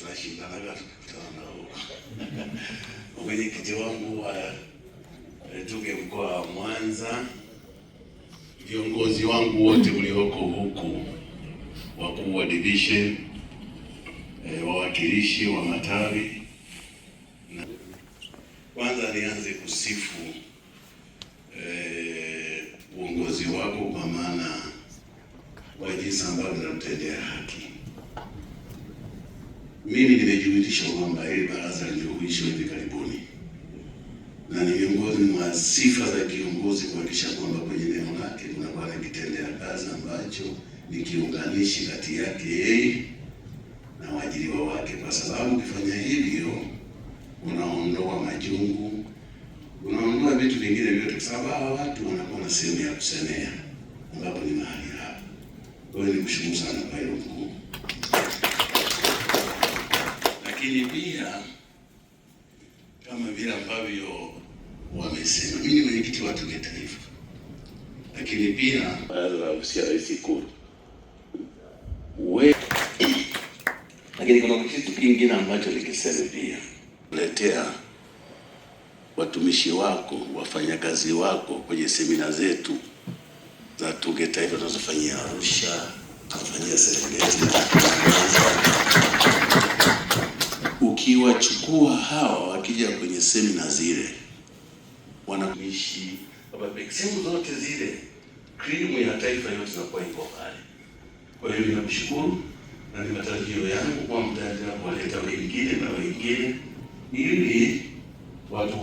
tunashindanaga tukikutana Mwenyekiti wangu wa eh, tuge mkoa wa Mwanza, viongozi wangu wote ulioko huku, wakuu wa division, eh, wawakilishi wa matawi. Kwanza nianze kusifu eh, uongozi wako kwa maana wa jinsi ambavyo unamtendea haki mimi nimejumilisha kwamba hili baraza lililohuishwa hivi karibuni, na ni miongoni mwa sifa za kiongozi kuhakikisha kwamba kwenye eneo lake kunakuwa na kitendea kazi ambacho ni kiunganishi kati yake yeye na waajiriwa wake, kwa sababu ukifanya hivyo unaondoa majungu, unaondoa vitu vingine vyote, kwa sababu hawa watu wanakuwa na sehemu ya kusemea ambapo ni mahali hapa. Kwa hiyo kushukuru sana kwa hilo mkuu lakini pia kama vile ambavyo wamesema, mimi ni mwenyekiti wa Tume Taifa, lakini pia baraza la ofisi rais kuu we, lakini kuna kitu kingine ambacho nikisema pia letea watumishi wako wafanyakazi wako kwenye semina zetu za tuge Taifa tunazofanyia Arusha, tunafanyia Serengeti ukiwachukua hawa wakija kwenye semina zile wanaishi sehemu zote zile, krimu ya taifa yote inakuwa iko pale. Kwa hiyo ninamshukuru na ni matarajio yangu kwa mtaendelea kuwaleta wengine na wengine ili watu